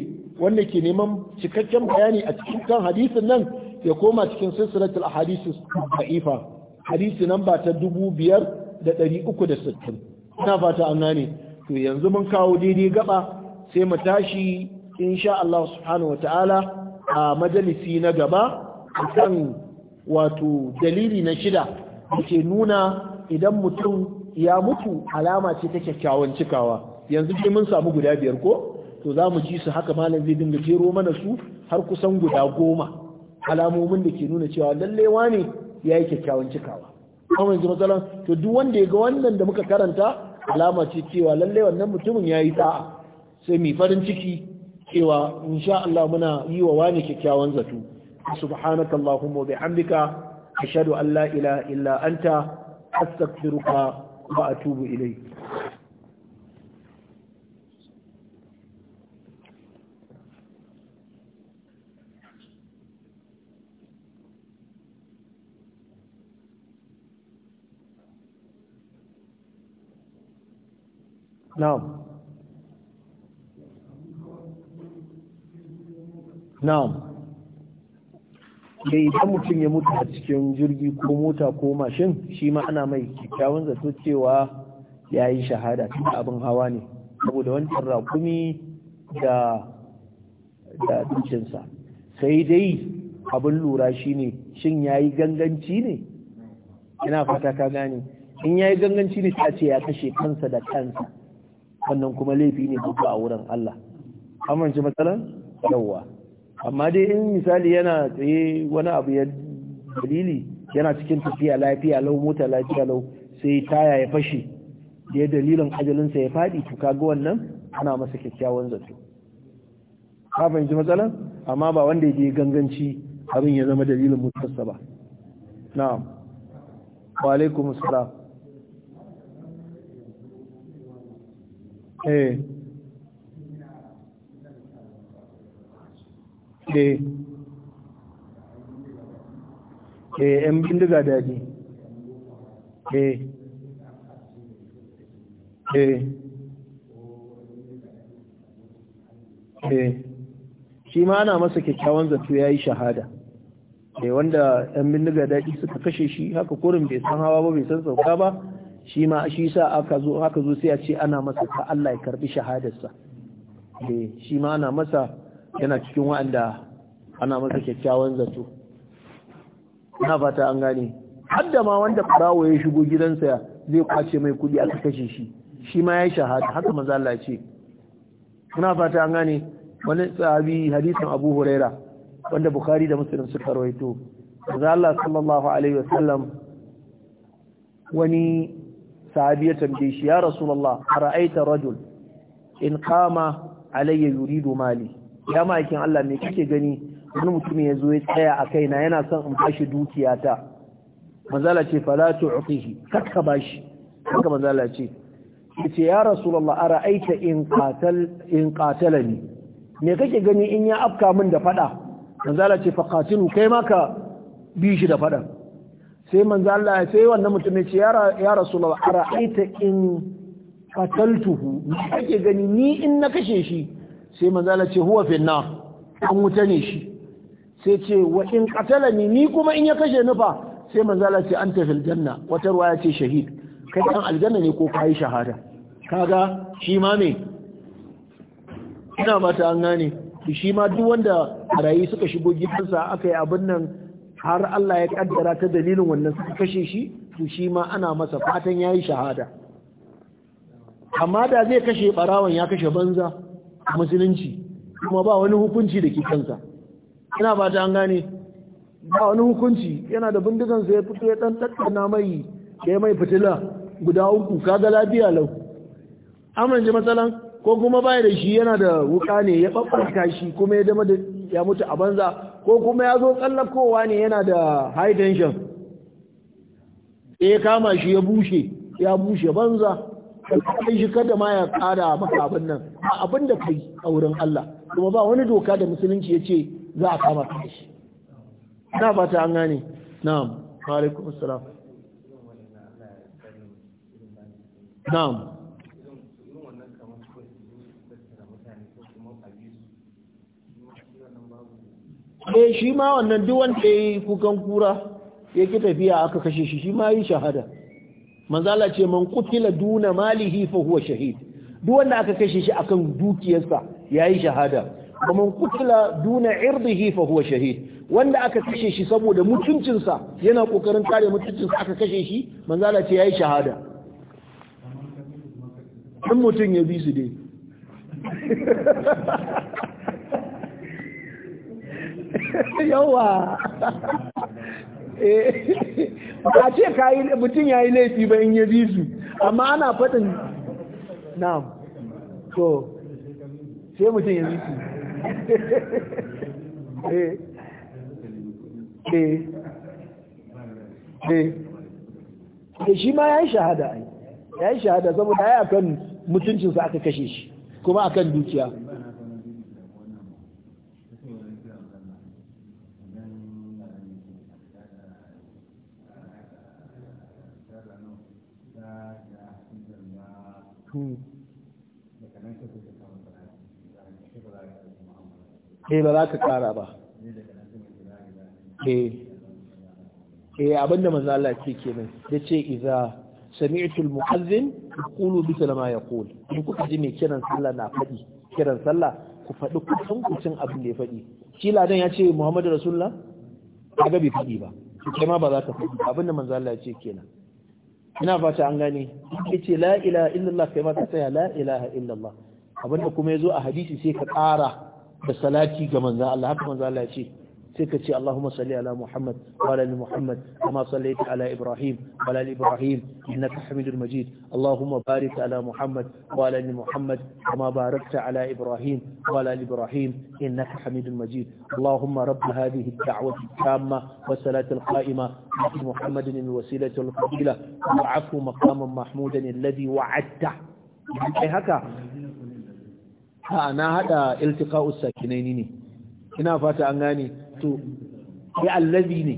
wanda ke neman cikakken bayani a cikin kan hadisin nan ya koma cikin silsilatul ahadith da'ifa hadisi namba ta dubu biyar da sittin. ina fata an gane to yanzu mun kawo daidai gaba sai mu tashi insha Allah subhanahu a majalisi na gaba kan wato dalili na shida da ke nuna idan mutum ya mutu alama ce ta kyakkyawan cikawa yanzu dai mun samu guda biyar ko to za mu ji su haka malam zai dinga jero mana su har kusan guda goma alamomin da ke nuna cewa lallai wane ya yi kyakkyawan cikawa kuma yanzu matsalan to duk wanda ya ga wannan da muka karanta alama ce cewa lallai wannan mutumin ya yi sa'a sai mai farin ciki cewa insha Allah muna yi wa wane kyakkyawan zato subhanaka allahumma wa bihamdika ashhadu an la ilaha illa anta astaghfiruka وأتوب إليه نعم نعم da idan mutum ya mutu a cikin jirgi ko mota ko mashin shi ma ana mai kyakkyawan zato cewa ya yi shahada tun abin hawa ne saboda wancan rakumi da da dukinsa sai dai abin lura shi ne shin ya yi ganganci ne ina fata ka gane in ya yi ganganci ne ta ce ya kashe kansa da kansa wannan kuma laifi ne duka a wurin Allah amince matsalan yawwa amma dai in misali yana tsaye wani abu ya dalili yana cikin tafiya lafiya lau mota lafiya lau sai taya ya fashe da ya dalilin ajalinsa ya faɗi to kaga wannan ana masa kyakkyawan zato ka fahimci matsalan amma ba wanda ya je ganganci abin ya zama dalilin mutarsa ba na'am wa alaikum assalam eh eh e, eh, yan bindiga daji E, e, e, shi ma ana masa kyakkyawan zato ya yi shahada E, wanda yan bindiga daɗi suka kashe shi haka kurin bai san hawa ba bai san sauka ba shi ma shi sa aka zo aka zo sai a ce ana masa ka Allah ya karbi shahadarsa E, shi ma ana masa yana cikin wa'anda ana masa kyakkyawan zato na fata an gane hadda ma wanda farawo ya shigo gidansa zai kwace mai kudi aka kashe shi shi ma ya shahada haka maza Allah ce na fata an gane wani tsabi hadisin Abu Huraira wanda Bukhari da Muslim suka rawaito maza sallallahu alaihi wasallam wani sahabi ya tambaye shi ya rasulullah ara'aita rajul in qama alayya yuridu mali ya ma'aikin Allah me kake gani wani mutum ya zo ya tsaya a kaina yana son in bashi dukiyata manzala ce fala tu'tihi kakka bashi haka manzala ce ce ya rasulullah ara'aita in qatal in qatalani me kake gani in ya afka min da fada manzala ce fa qatilu kai ma ka bi shi da fada sai manzala sai wannan mutum ya ce ya rasulullah Aita in qataltuhu me kake gani ni in na kashe shi sai manzala ce huwa na an wuta ne shi sai ce wa in katala ni Ni kuma in ya kashe ni fa sai manzala ce anta fil janna wata ruwaya ce shahid kai dan aljanna ne ko kai shahada kaga shi ma me ina ta an gane shi ma duk wanda rayi suka shigo gidansa aka yi abin nan har Allah ya kaddara ta dalilin wannan suka kashe shi to shi ma ana masa fatan yayi shahada amma da zai kashe barawan ya kashe banza musulunci kuma ba wani hukunci da ke kansa ina ba ta an gane ba wani hukunci yana da bindigansa ya fito ya dan na mai ya mai fitila guda uku kaga lafiya lau amince matsalan ko kuma baya da shi yana da wuka ne ya babbarka shi kuma ya dama da ya mutu a banza ko kuma ya zo tsallakowa ne yana da high tension ya kama shi ya bushe ya bushe banza kai shi kada ma ya kara maka abin nan a abin da kai a wurin Allah kuma ba wani doka da musulunci ya ce za a kama ka shi na ta an gane na'am wa alaikum assalam na'am eh shi ma wannan duk wanda yi kukan kura ya yake tafiya aka kashe shi shi ma yi shahada manzala ce man kutila duna malihi fa huwa shahid duk wanda aka kashe shi akan dukiyarsa yayi shahada wa man kutila duna irdihi fa huwa shahid wanda aka kashe shi saboda mutuncinsa yana kokarin kare mutuncinsa aka kashe shi manzala ce yayi shahada in mutum ya bi su dai [laughs] yawa Eh, a ce mutum ya yi laifi ba in ya bi su amma ana faɗin na to sai mutum ya bi su [laughs] eh, eh eh eh shi ma ya yi shahada ya yi shahada saboda ya yi akan mutuncinsa aka kashe shi kuma akan dukiya eh ba za ka kara ba eh ke eh, abinda manzo ya ce kenan yace idza kulu bisa qulu bi salama in kuka ji mai kiran sallah na fadi kiran sallah ku fadi kusan kucin abin da ya fadi shi ladan ya ce Muhammadu Rasulullah kaga bai fadi ba kai ma ba za ka ba abinda mazala Allah ya ce kenan ina fata an gane yace la ilaha illallah kai ma ka tsaya la ilaha illallah abinda kuma yazo a hadisi sai ka ƙara da salati ga manzo Allah haka manzo Allah ya ce sai ka ce Allahumma salli ala Muhammad wa ala Muhammad kama sallaita ala Ibrahim wa ala Ibrahim innaka Hamidul Majid Allahumma barik ala Muhammad wa ala Muhammad kama barakta ala Ibrahim wa ala Ibrahim innaka Hamidul Majid Allahumma rabb hadhihi ad-da'wah التامة والصلاة القائمة محمد الوسيلة القبيلة وعفو مقاما محمودا الذي وعدته ai haka ha na hada iltiqa'us sakinaini ne ina fata an gane to ya allazi ne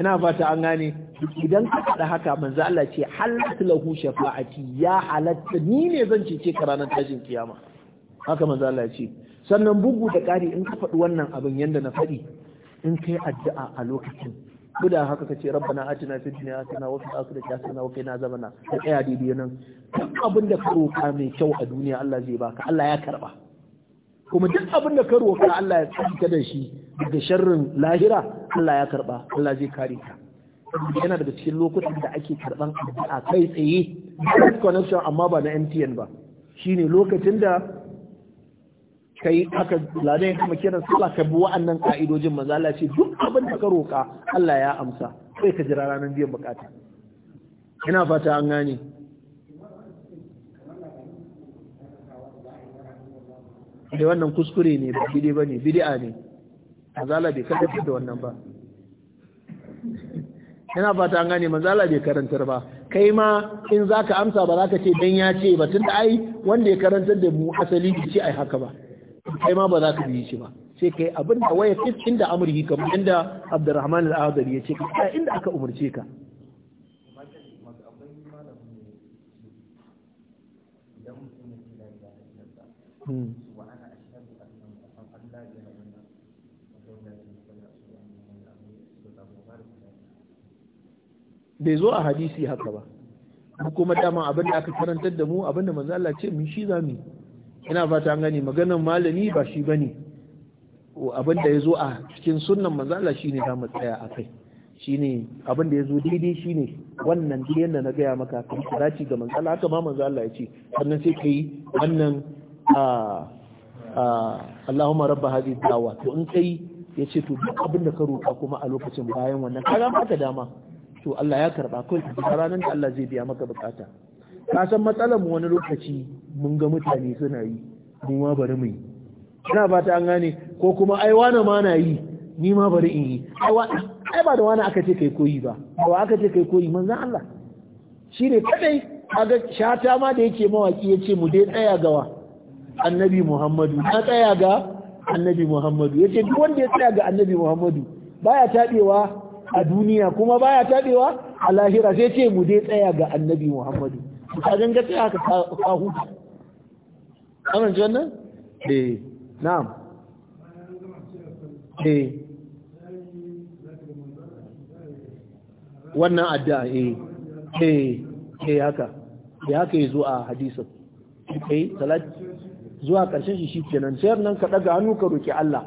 ina fata an gane idan ka faɗa haka manzo Allah ce halatta lahu shafa'ati ya halatta ni ne zan cece ka ranar tashin kiyama haka manzo Allah ce sannan bugu da ƙari in ka faɗi wannan abin yanda na faɗi in kai addu'a a lokacin kuda haka ka ce rabbana atina fid dunya hasana wa fil akhirati hasana wa qina azaban ka tsaya daidai nan duk abin da ka roka mai kyau a duniya Allah zai baka Allah ya karba kuma duk abin da ka roƙa Allah ya tsarka da shi daga sharrin lahira Allah ya karba Allah zai kare ka yana daga cikin lokutan da ake karban addu'a kai tsaye direct connection amma ba na MTN ba shine lokacin da kai aka lade ya kiran sallah ka bi wa'annan ka'idojin manzo Allah ce duk abin da ka roƙa Allah ya amsa sai ka jira ranar biyan bukata ina fata an gane da wannan kuskure ne ba gidi ba ne bidi'a ne zala bai karantar da wannan ba yana fata an gane manzala bai karantar ba kai ma in za ka amsa ba za ka ce dan ya ce ba tun da ai wanda ya karantar da mu asali bai ce ai haka ba kai ma ba za ka yi shi ba sai kai abin da waya fit inda amurki kamar inda abdurrahman al-azari ya ce ka inda aka umurce ka Hmm. bai zo a hadisi haka ba kuma dama abin da aka karantar da mu abin da manzo Allah ce mun shi zamu ina fata an gani maganar malami ba shi bane abin da ya zo a cikin sunnan manzo Allah shine za mu tsaya a kai shine abin da ya zo daidai shine wannan duk yanda na gaya maka kan karaci ga manzo Allah haka ma manzo Allah ya ce sannan sai kai wannan a Allahumma rabba hadhihi da'wa to in kai yace to duk abin ka roƙa kuma a lokacin bayan wannan kaga ba dama to Allah ya karba kai ranar da Allah zai biya maka bukata ka san matsalar mu wani lokaci mun ga mutane suna yi mu ma bari mu yi ina ba ta an gane ko kuma ai wani ma na yi ni ma bari in yi ai ba da wani aka ce kai koyi ba ba aka ce kai koyi manzon Allah shine kadai kaga shata ma da yake mawaki yace mu dai tsaya gawa annabi Muhammadu na tsaya ga annabi Muhammadu yace duk wanda ya tsaya ga annabi Muhammadu baya tadewa a duniya kuma baya tabewa a lahira sai ce mu dai tsaya ga annabi muhammadu ka ga tsaya haka ka huta amin ji wannan eh na'am eh wannan addu'a eh eh eh haka ya haka yazo a hadisin eh salat zuwa karshen shi kenan. sai nan ka daga hannu ka roki Allah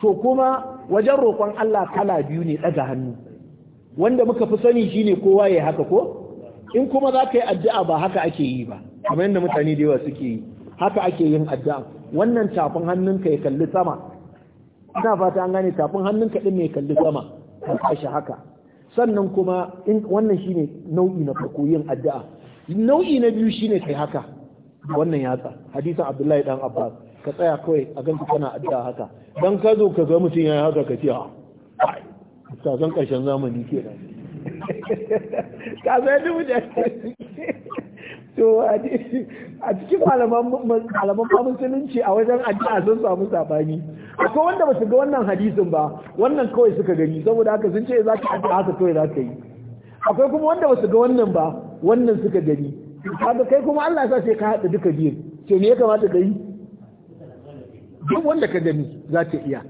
so kuma wajen roƙon Allah kala biyu ne ɗaga hannu wanda muka fi sani shine kowa ya haka ko in kuma za ka yi addu'a ba haka ake yi ba kamar yadda mutane da yawa suke yi haka ake yin addu'a wannan tafin hannunka ya kalli sama ina fata an gane tafin hannunka ɗin ne ya kalli sama ka kashe haka sannan kuma wannan shine nau'i na farko yin addu'a nau'i na biyu shine kai haka wannan yatsa hadisin Abdullahi dan Abbas ka tsaya kawai a ganka kana addu'a haka dan ka zo ka ga mutum yayi haka ka ce ah, [laughs] [laughs] a ustazan karshen zamani ke da ka zai dubu da to a cikin malaman musulunci a wajen addu'a sun samu sabani akwai wanda ba su ga wannan hadisin ba wannan kawai suka gani saboda haka sun ce za ka addu'a haka kawai za ka yi akwai kuma wanda ba su ga wannan ba wannan suka gani kaga kai kuma Allah ya sa sai ka haɗa duka biyu to me ya kamata ka yi duk wanda ka gani za ta iya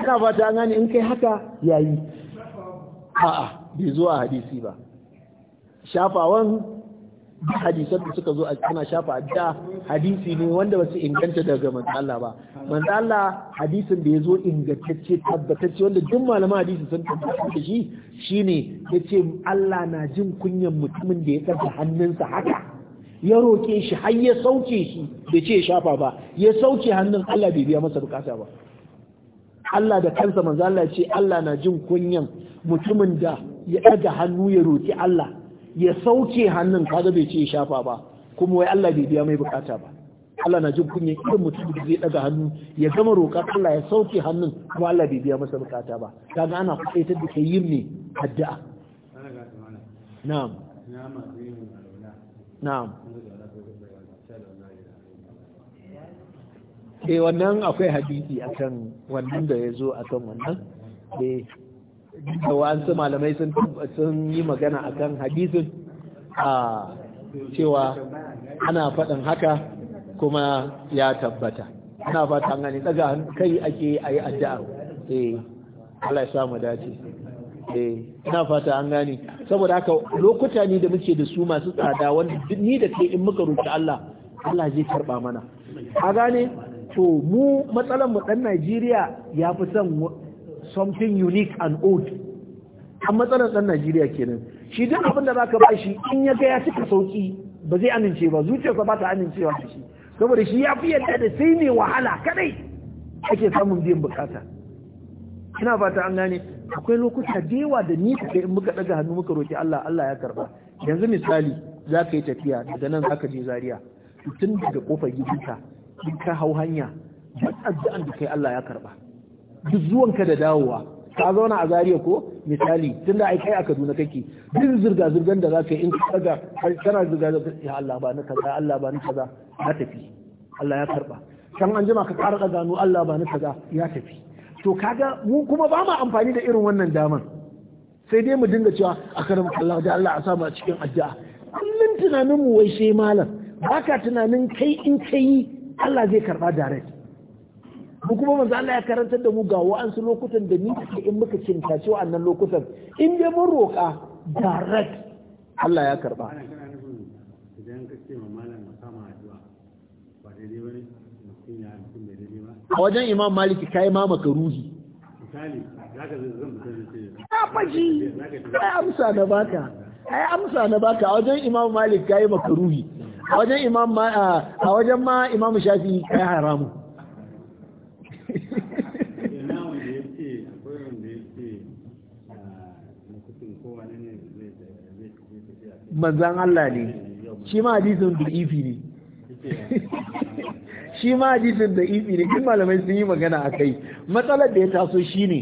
ina fata an gane in kai haka yayi a'a bai zuwa hadisi ba shafawan hadisan da suka zo a kana shafa adda hadisi ne wanda ba su inganta daga manzo Allah ba manzo Allah hadisin da yazo ingantacce tabbatacce wanda duk malaman hadisi sun tabbata da shi shine yace Allah na jin kunyan mutumin da ya kafa hannunsa haka ya roke shi har ya sauke shi bai ce ya shafa ba ya sauke hannun Allah bai biya masa bukata ba Allah da kansa manzo Allah ce Allah na jin kunyan mutumin da ya daga hannu ya roki Allah ya sauke hannun kaga bai ce ya shafa ba kuma wai Allah bai biya mai bukata ba Allah na jin kunyan irin mutumin da zai daga hannu ya gama roƙa Allah ya sauke hannun kuma Allah bai biya masa bukata ba kaga ana faitar da kai yin ne addu'a na'am na'am E wannan akwai hadisi a kan wannan da ya zo a kan wannan eh, da wasu malamai sun yi magana a kan hadisin a cewa ana faɗin haka kuma ya tabbata ana fata an gani daga kai ake a yi addu'a eh Allah ya samu dace eh ina fata an gani saboda haka lokuta ne da muke da su masu tsada wanda ni da kai in muka roki Allah Allah zai karba mana a gane to mu matsalar mu dan Najeriya ya fi son something unique and old an matsalar dan Najeriya kenan shi duk abin da zaka ba shi in ya ga ya cika sauki ba zai amince ba zuciyarsa ba ta amincewa ba shi saboda shi ya fi yadda da sai ne wahala kadai ake samun biyan bukata ina fata an gane akwai lokuta da yawa da ni kai in muka daga hannu muka roki Allah Allah ya karba yanzu misali zaka yi tafiya daga nan zaka je zaria tun daga kofar gidanka in ka hau hanya duk addu'an da kai Allah ya karba duk zuwanka da dawowa ka zauna a zariya ko misali tunda ai kai a Kaduna kake duk zurga zurgan da zaka yi in ka daga kana zurga da ya Allah ba ni kaza Allah ba ni kaza ya tafi Allah ya karba Kan an jima ka ƙara gano Allah ba ni kaza ya tafi to kaga mu kuma ba mu amfani da irin wannan daman sai dai mu dinga cewa a karam Allah da Allah a samu a cikin addu'a kullum tunanin mu wai sai malam baka tunanin kai in kai Allah zai karba direct mu kuma manzo Allah ya karantar da mu ga wa'ansu lokutan da ni in muka cintace wa'annan lokutan in dai mun roƙa direct Allah ya karba a wajen imam maliki kai ma ruhi. misali zaka zan faji ai amsa na baka ai amsa na baka a wajen imam malik kai ruhi. a wajen imam ma a wajen ma imam shafi kai haramu manzan Allah ne shi ma hadisin da ifi ne [laughs] shi ma hadisin da ifi ne duk malamai sun yi magana a kai matsalar da ya taso shi ne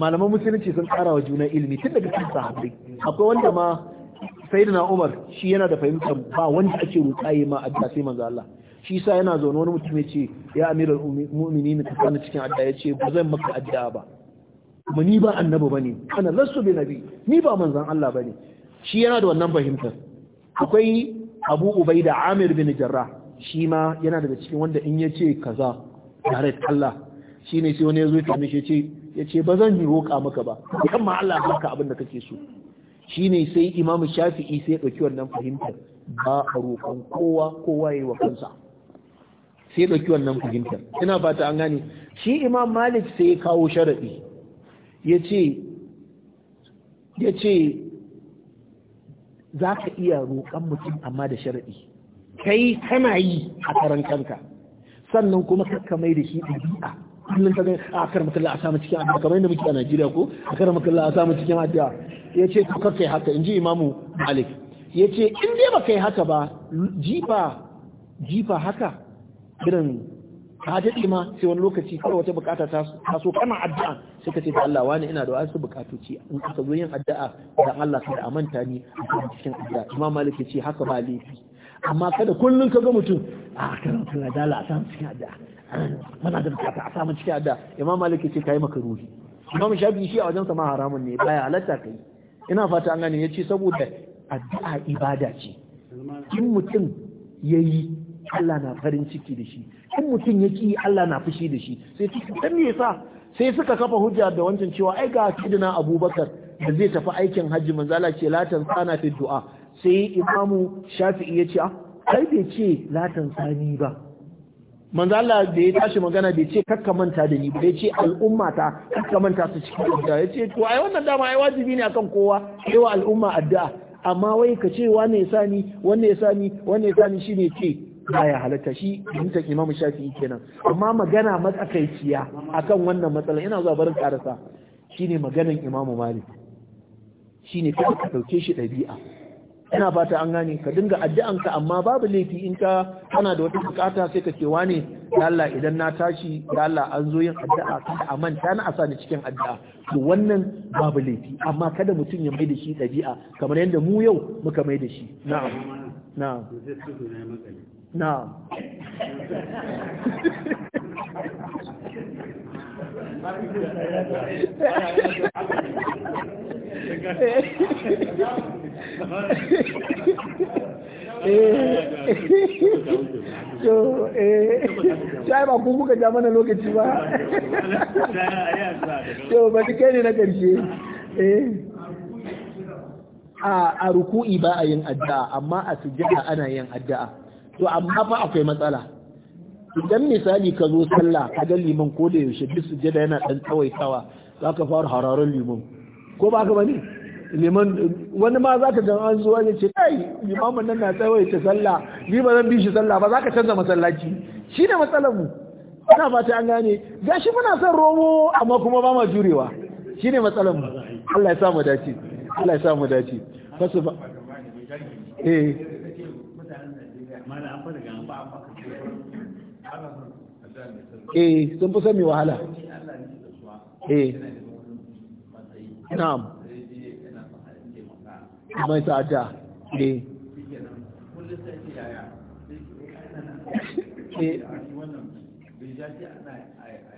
malaman musulunci sun kara wa juna ilimi tun daga kan sahabbai akwai wanda ma sayyidina Umar shi yana da fahimtar ba wanda ake rukaye ma adda sai manzo Allah shi sa yana zaune wani mutum ce ya amiral mu'minin ka kana cikin adda ya ce ba zan maka adda ba kuma ni ba annabi bane ana lasu bi nabi ni ba manzon Allah bane shi yana da wannan fahimtar akwai Abu Ubaida Amir bin Jarrah shi ma yana daga cikin wanda in ya ce kaza da Allah shine sai wani ya zo ya ce ya ce ba zan yi roƙa maka ba kan Allah ya baka abin da kake so Shi ne sai imam shafi'i sai ya ɗauki wannan fahimtar ba a roƙon kowa kowa ya yi wa kansa sai ɗauki wannan fahimtar ina fata an gane shi imam malik sai ya kawo sharaɗi ya ce ya ce za ka iya roƙon mutum amma da sharaɗi kai kana yi a karan kanka sannan kuma kakka mai da shi ɗabi'a kullum ka gani a kar makalla a samu cikin addu'a kamar yadda muke a Najeriya ko a kar makalla a samu cikin addu'a yace to kar kai haka inji Imamu Malik yace in dai ba kai haka ba jifa jifa haka irin ka daɗe ma sai wani lokaci kawai wata bukata ta so kana addu'a sai ka ce da Allah wani ina da wasu bukatoci in aka zo yin addu'a dan Allah kada a manta ni a cikin addu'a Imam Malik yace haka ba laifi amma kada kullun ka ga mutum a karanta da Allah a samu cikin addu'a muna da bukata a samu cikin adda imam malik yace kai makaruhi imam shafi shi a wajen sa ma haramun ne baya halatta kai ina fata an gane yace saboda addu'a ibada ce in mutum yayi Allah na farin ciki da shi in mutum ya yi Allah na fushi da shi sai dan me yasa sai suka kafa hujja da wancan cewa ai ga kidina Abubakar da zai tafi aikin hajji manzala ce latan sana fi du'a sai imamu Shafi'i yace ce ah, ai bai ce latan sani ba manzo Allah da ya tashi magana bai ce kakka manta da ni bai ce al'umma ta kakka manta su cikin addu'a ya ce to ai wannan dama ai wajibi ne akan kowa sai wa al'umma addu'a amma wai ka ce wanne ya sani wanne ya sani wanne ya sani shine ce baya halatta shi mutan Imam Shafi'i kenan amma magana matsakaiciya akan wannan matsalan ina zuwa barin karasa shine maganan Imam Malik shine ka dauke shi dabi'a ina fata an gane ka dinga addu'anka amma babu laifi in ka kana da wata bukata sai ka ce wane ya Allah idan na tashi ya Allah an zo yin addu'a kada a manta na asa ni cikin addu'a to wannan babu laifi amma kada mutum ya mai da shi dabi'a kamar yadda mu yau muka mai da shi na'am na'am na'am Thank [laughs] [laughs] to eh sai ba ku kuka ja mana lokaci ba to ba kai ne na karshe a ruku'i ba a yin addu'a amma a sujjada ana yin addu'a to amma fa akwai matsala idan misali ka zo sallah ka ga liman ko da yaushe duk sujjada yana dan tsawaitawa zaka fara hararar liman ko ba ka bane liman wani ma zaka ga an zuwa ya ce kai limamin nan na tsawai ta sallah ni ba zan bi shi sallah ba zaka canza masallaci shi ne matsalar mu ana fata an gane gashi muna son romo amma kuma ba ma jurewa shi ne matsalar mu Allah ya sa mu dace Allah ya sa mu dace fasu ba eh eh sun fi sami wahala eh na'am mai tsada ne eh. eh.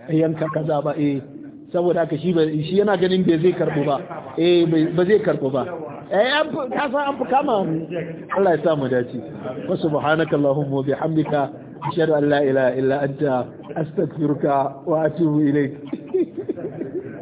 eh, yanka kaza ba eh saboda haka shi shi yana ganin bai zai karbu ba eh ba zai karbu ba eh an ka san an kama Allah ya samu dace wa subhanaka allahumma wa bihamdika ashhadu an la ilaha illa anta astaghfiruka wa atubu ilaik [laughs]